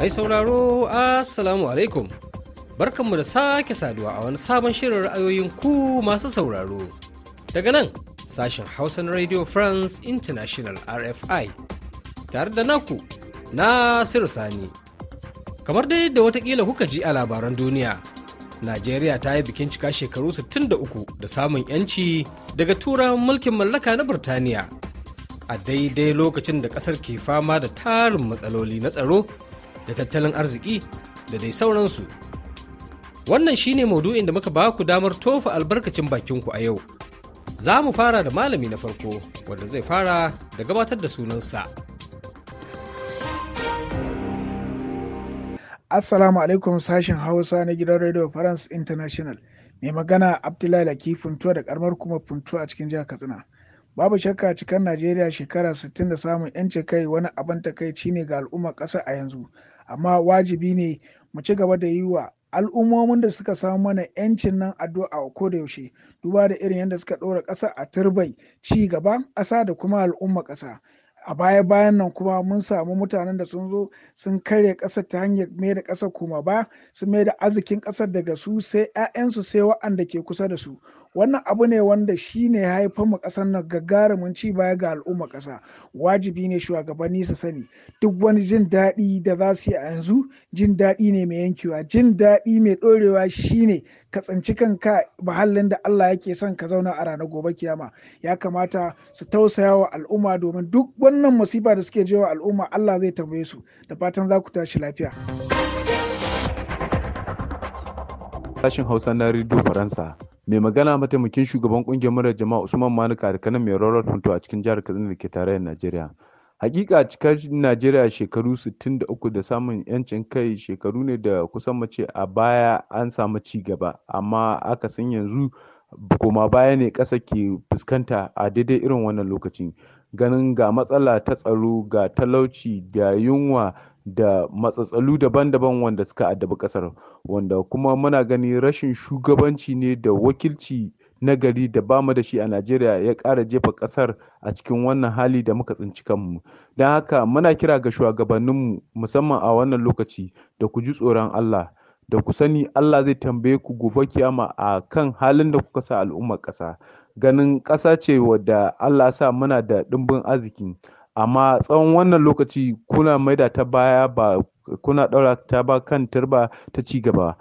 Mai sauraro Assalamu alaikum. Barkanmu da sake saduwa a wani sabon shirin ra'ayoyin ku masu sauraro. Daga nan sashen Hausa na Radio France International RFI tare da naku na Sani. Kamar dai da watakila kuka ji a labaran duniya, Najeriya ta yi bikin cika shekaru 63 da samun 'yanci daga turawan mulkin mallaka na Burtaniya. a daidai lokacin da kasar ke fama da tarin matsaloli na tsaro da tattalin arziki da dai sauransu. Wannan shi ne maudu'in da muka baku damar tofa albarkacin bakinku a yau. Za mu fara da malami na farko wanda zai fara da gabatar da sunansa. Assalamu alaikum sashen Hausa na gidan Radio France International. Mai magana Abdullahi Lakifin tuwa da karamar kuma Funtuwa a cikin jihar Katsina. Babu shakka cikar Najeriya shekara 60 da samun 'yancin kai wani abin takaici ne ga al'umma ƙasar a yanzu, amma wajibi ne mu ci gaba da yi wa al'ummomin da suka samu mana 'yancin nan addu'a a da yaushe duba da irin yadda suka ɗora ƙasa a turbai ci gaba ƙasa da kuma al'umma ƙasa a baya bayan nan kuma mun samu mutanen da sun zo sun karya ƙasa ta hanyar mai da ƙasar kuma ba su mai da arzikin ƙasar daga su sai 'ya'yansu sai wa'anda ke kusa da su wannan abu ne wanda shi ne ya haifar mu ƙasar nan gagarumin ci baya ga al'umma ƙasa wajibi ne shugabanni su sani duk wani jin daɗi da za su yi a yanzu jin daɗi ne mai yankewa jin daɗi mai ɗorewa shine ka tsinci kanka mahallin da Allah yake son ka zauna a ranar gobe kiyama ya kamata su tausaya wa al'umma domin duk wannan musiba da suke jewa al'umma Allah zai tambaye su da fatan za ku tashi lafiya. Sashen Hausa na rido Faransa Mai magana mataimakin shugaban ƙungiyar murar jama'a Usman Manuka da kanan mai rawar hunto a cikin jihar Katsina da ke tarayyar Najeriya. Hakika cikar Najeriya shekaru 63 da samun yancin kai shekaru ne da kusan mace a baya an samu ci gaba amma aka san yanzu koma baya ne ƙasa ke fuskanta a daidai irin wannan lokacin ganin ga matsala ta tsaro ga talauci da yunwa da matsatsalu daban-daban wanda suka addabi ƙasar wanda kuma muna gani rashin shugabanci ne da wakilci na gari da ba mu da shi a Najeriya ya ƙara jefa ƙasar a cikin wannan hali da muka tsinci kanmu. Don haka muna kira ga shugabanninmu musamman a wannan lokaci da ku ji tsoron Allah da ku sani Allah zai tambaye ku gobe kiyama a kan halin da kuka sa al'ummar ƙasa. Ganin ƙasa ce wadda Allah sa muna da ɗimbin arziki amma tsawon wannan lokaci kuna maida ta baya ba kuna ɗaura ta ba kan turba ta ci gaba.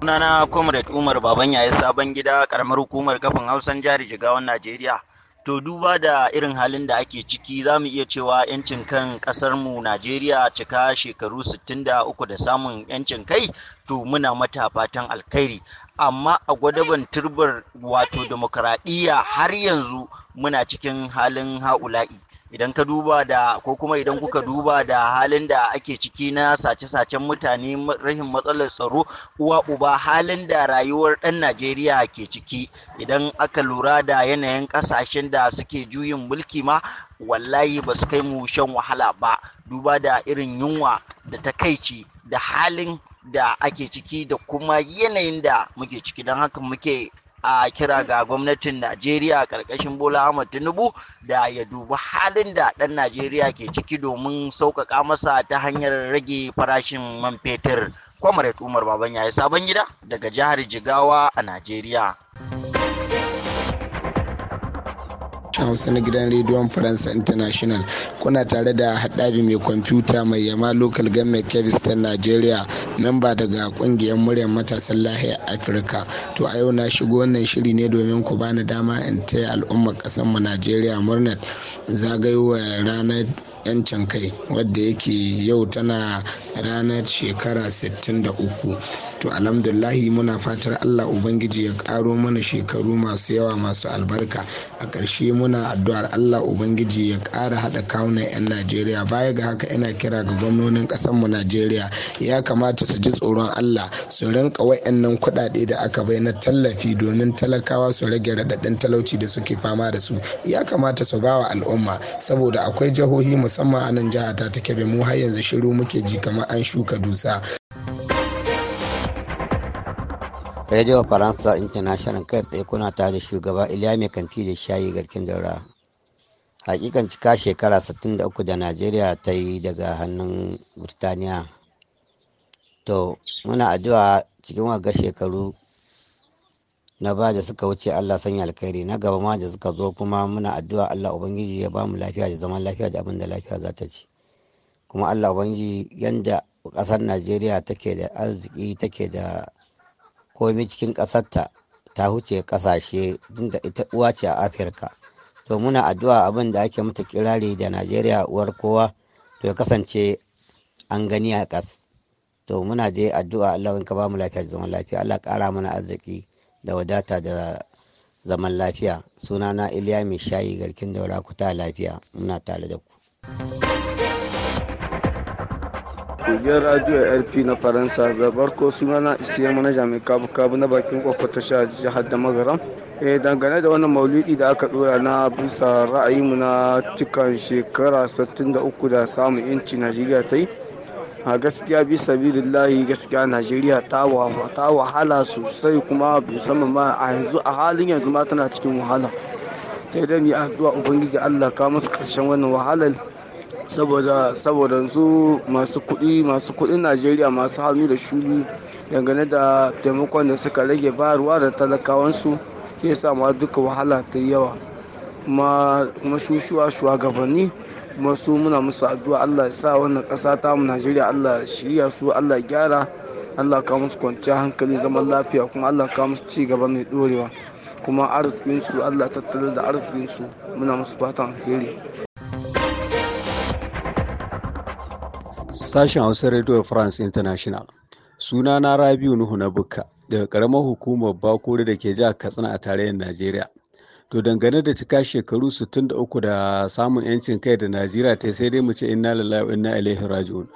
sunana comrade umar baban yayi sabon gida karamar hukumar kafin hausan jari jigawan najeriya to duba da irin halin da ake ciki za mu iya cewa yancin kan ƙasarmu najeriya cika shekaru 63 da samun yancin kai to muna mata fatan alkhairi amma a gwadaban turbar wato demokaradiyya har yanzu muna cikin halin ha'ula'i idan ka duba da ko kuma idan kuka duba da halin da ake ciki na sace-sacen mutane rahin matsalar tsaro uwa uba halin da rayuwar ɗan najeriya ke ciki idan aka lura da yanayin ƙasashen da suke juyin mulki ma wallahi ba su kai mu shan wahala ba duba da irin yunwa da takaici da halin da ake ciki da kuma yanayin da muke ciki don haka muke a kira ga gwamnatin najeriya ƙarƙashin bola ahmad tinubu da ya dubi halin da ɗan najeriya ke ciki domin sauƙaƙa masa ta hanyar rage farashin man fetur kwamarat umar baban yayi sabon gida daga jihar jigawa a najeriya a hausa na gidan rediyon faransa international kuna tare da haɗabi mai kwamfuta mai yama local government kebis ta nigeria memba daga kungiyar muryar matasan lahiyar afirka to a yau na shigo wannan shiri ne domin ku bani dama in taya al'ummar kasanmu nigeria murnar zagayowar ranar 'yancin kai wadda yake yau tana ranar shekara 63 to alhamdulahi muna fatar allah ubangiji ya karo mana shekaru masu yawa masu albarka a ƙarshe muna addu'ar allah ubangiji ya ƙara haɗa kawunan 'yan najeriya baya ga haka yana kira ga gwamnonin ƙasarmu najeriya ya kamata su ji tsoron allah su rinka wa'annan kuɗaɗe da aka bai na tallafi domin talakawa su rage raɗaɗin talauci da suke fama da su ya kamata su bawa al'umma saboda akwai jihohi musamman musamman a nan jihar ta kebe mu har yanzu shiru muke ji kamar an shuka dusa radio faransa international kai tsaye kuna ta da shugaba iliya mai kanti da shayi garkin daura hakikan cika shekara 63 da najeriya ta yi daga hannun burtaniya to muna addu'a cikin waga shekaru na ba da suka wuce Allah sanya alkhairi na gaba ma da suka zo kuma muna addu'a Allah ubangiji ya ba mu lafiya da zaman lafiya da abin da lafiya za ta ci kuma Allah ubangiji yanda ƙasar Najeriya take da arziki take da komai cikin ƙasarta ta huce kasashe tunda ita uwa ce a Afirka to muna addu'a abin da ake mata kirari da Najeriya uwar kowa to ya kasance an gani a ƙas to muna je addu'a Allah in ka ba mu lafiya da zaman lafiya Allah ƙara mana arziki da wadata da zaman lafiya sunana iliya mai shayi garkin daura kuta lafiya muna tare da ku kungiyar radio rp na faransa da barko na isiyar manaja mai kabu kabu na bakin kwakwata sha jihar da magaram e dangane da wannan maulidi da aka dora na bisa ra'ayinmu na cikan shekara 63 da samun inci najeriya ta yi a gaskiya bi sabilillahi gaskiya najeriya ta wahala sosai kuma musamman ma a yanzu a halin yanzu ma tana cikin wahala sai dai mu addu'a ubangiji Allah ka musu karshen wannan wahalar saboda saboda su masu kuɗi masu kuɗin Najeriya masu hannu da shuni dangane da taimakon da suka rage bayarwa da talakawansu ke sa ma duka wahala ta yawa kuma kuma shushuwa shugabanni kuma muna musu addu'a Allah ya sa wannan ƙasa ta mu Najeriya Allah shirya su Allah gyara Allah ka musu kwanciyar hankali zaman lafiya kuma Allah ka musu ci gaba mai dorewa kuma arzikin su Allah tattalin da arzikin su muna musu fatan alheri Sashen Hausa Radio France International suna na Rabiu Nuhu na Bukka daga ƙaramar hukumar bakori da ke jihar Katsina a tarayyar Najeriya. To dangane da cika shekaru 63 da samun 'yancin kai da Najeriya ta sai dai mu ce inna lillahi wa inna ilaihi raji'un.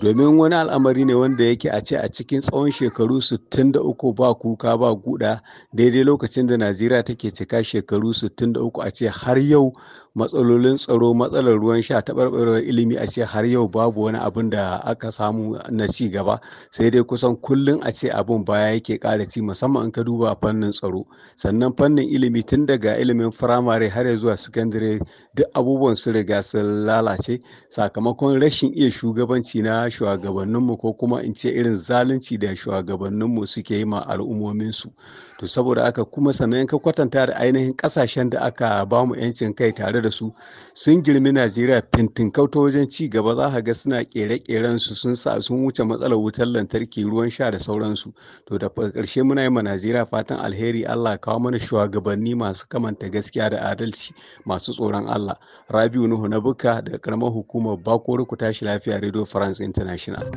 domin wani al'amari ne wanda yake a ce a cikin tsawon shekaru 63 ba kuka ba guda daidai lokacin da najeriya take cika shekaru 63 a ce har yau matsalolin tsaro matsalar ruwan sha taɓarɓarewar ilimi a ce har yau babu wani abin da aka samu na ci gaba sai dai kusan kullum a ce abin baya yake ƙara ci musamman in ka duba fannin tsaro sannan fannin ilimi tun daga ilimin firamare har zuwa sakandare duk abubuwan su riga sun lalace sakamakon rashin iya shugabanci na shugabanninmu ko kuma in ce irin zalunci da shugabanninmu suke yi ma al'ummominsu to saboda aka kuma sannan ka kwatanta da ainihin kasashen da aka ba mu yancin kai tare da su sun girmi najeriya fintin ta wajen ci gaba za ka ga suna kere-keren su sun sa sun wuce matsalar wutar lantarki ruwan sha da sauransu to da karshe muna yi ma najeriya fatan alheri allah kawo mana shugabanni masu kamanta gaskiya da adalci masu tsoron allah rabiu nuhu na buka daga karamar hukumar bakoro ku tashi lafiya radio france international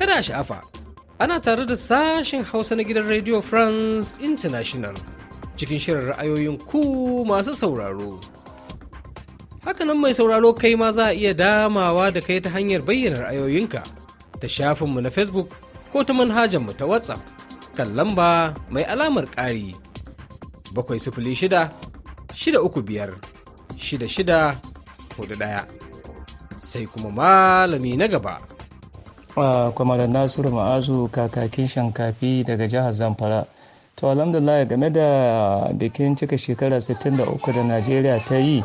kada sha'afa ana tare da sashen hausa na gidan radio france international cikin shirin ra'ayoyin ku masu sauraro hakanan mai sauraro kai ma za a iya damawa da kai ta hanyar bayyana ra'ayoyinka ta shafinmu na facebook ko ta manhajarmu ta whatsapp kan lamba mai alamar ƙari bakwai sifili shida shida uku biyar shida shida da daya sai kuma malami na gaba ah, kwamarar nasiru ma'azu kakakin shankafi daga jihar zamfara to alhamdulillah game da bikin cika shekara 63 da najeriya ta yi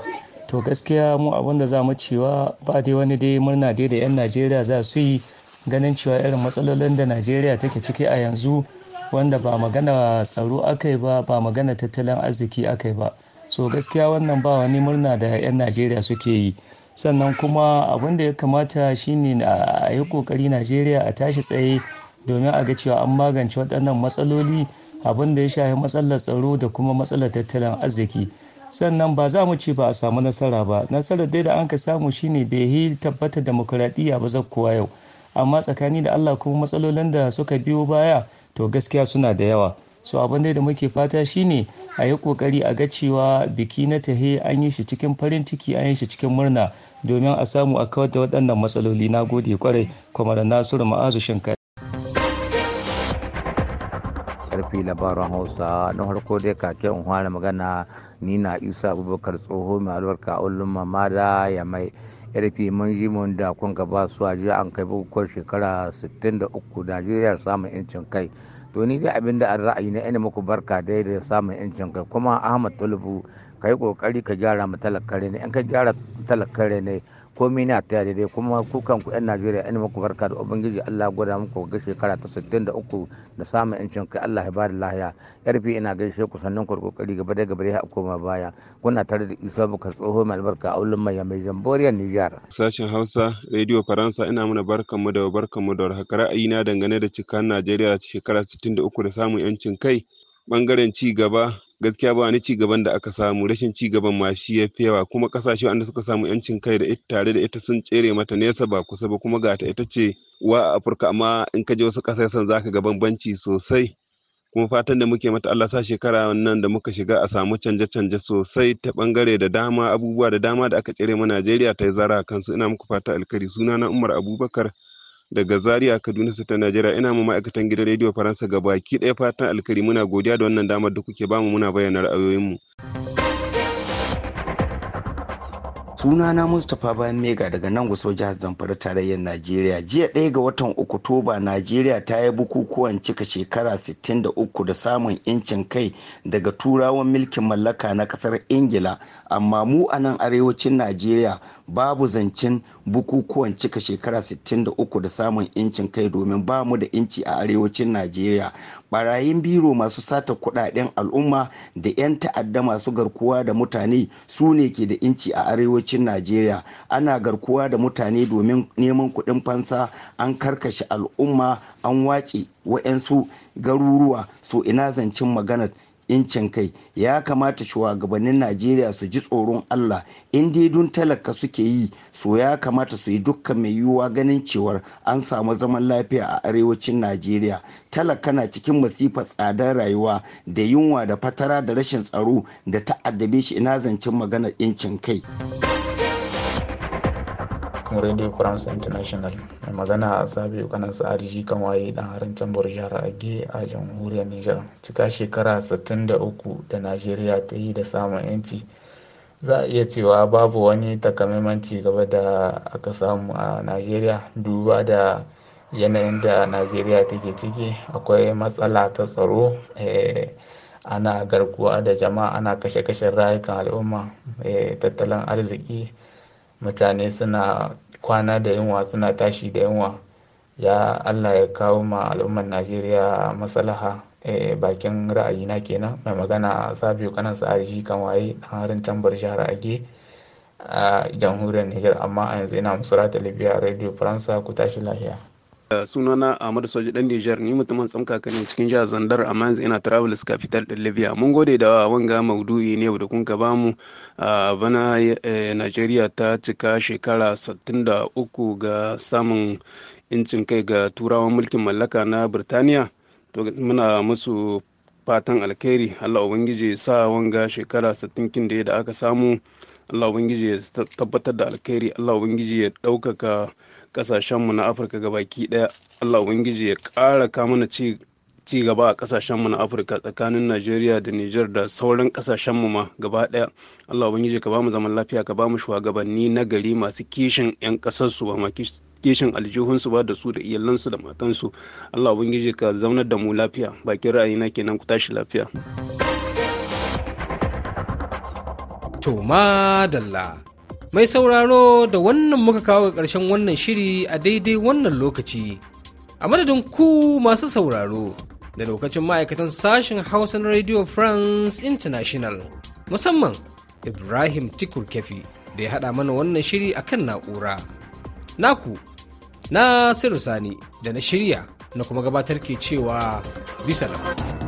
to gaskiya mu abinda za mu cewa ba dai wani dai murna dai da 'yan najeriya za su yi ganin cewa irin matsalolin da najeriya take ciki a yanzu wanda ba magana tsaro akai ba ba magana tattalin arziki akai ba so gaskiya wannan ba wani murna da 'yan najeriya suke yi sannan kuma abin da ya kamata shine a yi kokari najeriya a tashi tsaye domin a ga cewa an magance waɗannan matsaloli abin da ya shafi matsalar tsaro da kuma matsalar tattalin arziki sannan ba za mu ce ba a samu nasara ba nasarar dai da an ka samu shine bai yi tabbata demokuraɗiyya ba za kuwa yau amma tsakani da allah kuma matsalolin da suka biyo baya to gaskiya suna da yawa so abin da muke fata shine a yi kokari a ga cewa biki na tahe an yi shi cikin farin ciki an yi shi cikin murna domin a samu a kawar da waɗannan matsaloli na gode kwarai kwamar nasiru ma'azu shinkai karfi labaran hausa na farko dai kake in fara magana ni na isa abubakar tsoho mai albarka ulun mamada ya mai yarfi mun ji mun da kun gaba su a an kai bukukuwar shekara 63 nigeria samun incin kai to ni dai abin da an ra'ayi na ina muku barka dai da samun yancin kai kuma ahmad tulubu ka yi kokari ka gyara mu talakare ne in ka gyara talakare ne komai na ta daidai kuma ku kanku yan najeriya ina muku barka da ubangiji allah gwada muku ga shekara ta 63 da samun yancin kai allah ya bada lahiya yarfi ina gaishe ku sannan ku kokari gaba da gaba ya koma baya kuna tare da isa bukar tsoho mai albarka a ulun mai mai jamboriyar nijar sashen hausa radio faransa ina muna barkan mu da barkan da warhaka ra'ayi na dangane da cikan najeriya shekara 63 da samun yancin kai bangaren ci gaba gaskiya ba wani ci gaban da aka samu rashin ci gaban ma shi ya fi yawa kuma kasashe wanda suka samu yancin kai da ita tare da ita sun tsere mata nesa ba kusa ba kuma ga ta ita ce wa a afirka amma in ka je wasu kasashen za ka ga bambanci sosai kuma fatan da muke mata Allah sa shekara nan da muka shiga a samu canje-canje sosai ta bangare da dama abubuwa da dama da aka tsere ma Najeriya ta yi zara kansu ina muku fata alkari sunana Umar Abubakar daga Zaria, Kaduna ta Najeriya. Ina mu ma'aikatan gidan rediyo Faransa gaba gabaki ɗaya fatan alkari Muna godiya da wannan damar da kuke bamu muna bayyana ra'ayoyinmu. Suna na mustapha bayan mega daga nan gusau jihar zamfara tarayyar najeriya jiya ɗaya ga watan oktoba najeriya ta yi bukukuwan cika shekara 63 da samun incin kai daga turawan milkin mallaka na ƙasar ingila amma mu a nan arewacin najeriya babu zancen bukukuwan cika shekara 63 da samun incin kai domin ba mu da inci a arewacin najeriya barayin biro masu sata kuɗaɗen al'umma da 'yan ta'adda masu garkuwa da mutane su ne ke da inci a arewacin arewacin najeriya ana garkuwa da mutane domin neman kuɗin fansa an karkashe al'umma an wace wa'yansu garuruwa so ina zancen maganar incin kai ya kamata shugabannin najeriya su ji tsoron allah in daidun talaka suke yi so ya kamata su yi dukkan mai yiwuwa ganin cewar an samu zaman lafiya a arewacin najeriya talaka na cikin masifar tsadar rayuwa da yunwa da fatara da rashin tsaro da ta'addabe shi ina zancen maganar incin kai. kan radio france international mai magana a sabi kanan sa'adi shi kan waye dan tambar jihar age a jamhuriyar niger cika shekara 63 da najeriya ta yi da samun yanci za a iya cewa babu wani takamaiman gaba da aka samu a najeriya duba da yanayin da najeriya take ciki akwai matsala ta tsaro eh, ana garkuwa da jama'a ana kashe-kashen rayukan al'umma eh, tattalin arziki mutane suna kwana da yunwa suna tashi da yunwa ya allah ya kawo ma al'ummar najeriya maslaha eh, bakin ra'ayina kenan mai magana sabiu kanan sa'ari shi kan waye harin tambar jihar age a jamhuriyar niger amma a yanzu ina musurata libya radio faransa ku tashi lahiya Eh, sunana Ahmad Soji dan Niger ni mutumin tsamkaka ne cikin jihar Zandar amma yanzu ina Travelers Capital din Libya mun gode da wanga maudu'i ne da kun ka bamu bana eh, nigeria ta cika shekara 63 ga samun incin kai ga turawan mulkin mallaka na Birtaniya to muna musu fatan alkhairi Allah ubangiji sa wanga shekara 60 kin da aka samu Allah ubangiji ya tabbatar da alkhairi Allah ubangiji ya ɗaukaka kasashenmu na afirka gabaki daya allah ubangiji ya kara kamuna ci ci gaba a kasashenmu na afirka tsakanin najeriya da niger da sauran kasashenmu ma gaba daya allah ubangiji ka bamu zaman lafiya ka bamu shugabanni na gari masu kishin 'yan kasarsu ba ma kishin aljihunsu ba da su da iyalansu da matansu allah ubangiji ka zaunar da mu lafiya bakin ra'ayina kenan ku tashi lafiya to madalla Mai sauraro da wannan muka kawo ga ƙarshen wannan shiri a daidai wannan lokaci. A madadin ku masu sauraro da lokacin ma'aikatan sashen Hausa na Radio France International, musamman Ibrahim Tikur Kefi da ya haɗa mana wannan shiri a kan na'ura. Naku, na Sani da na shirya na kuma gabatar ke cewa bisa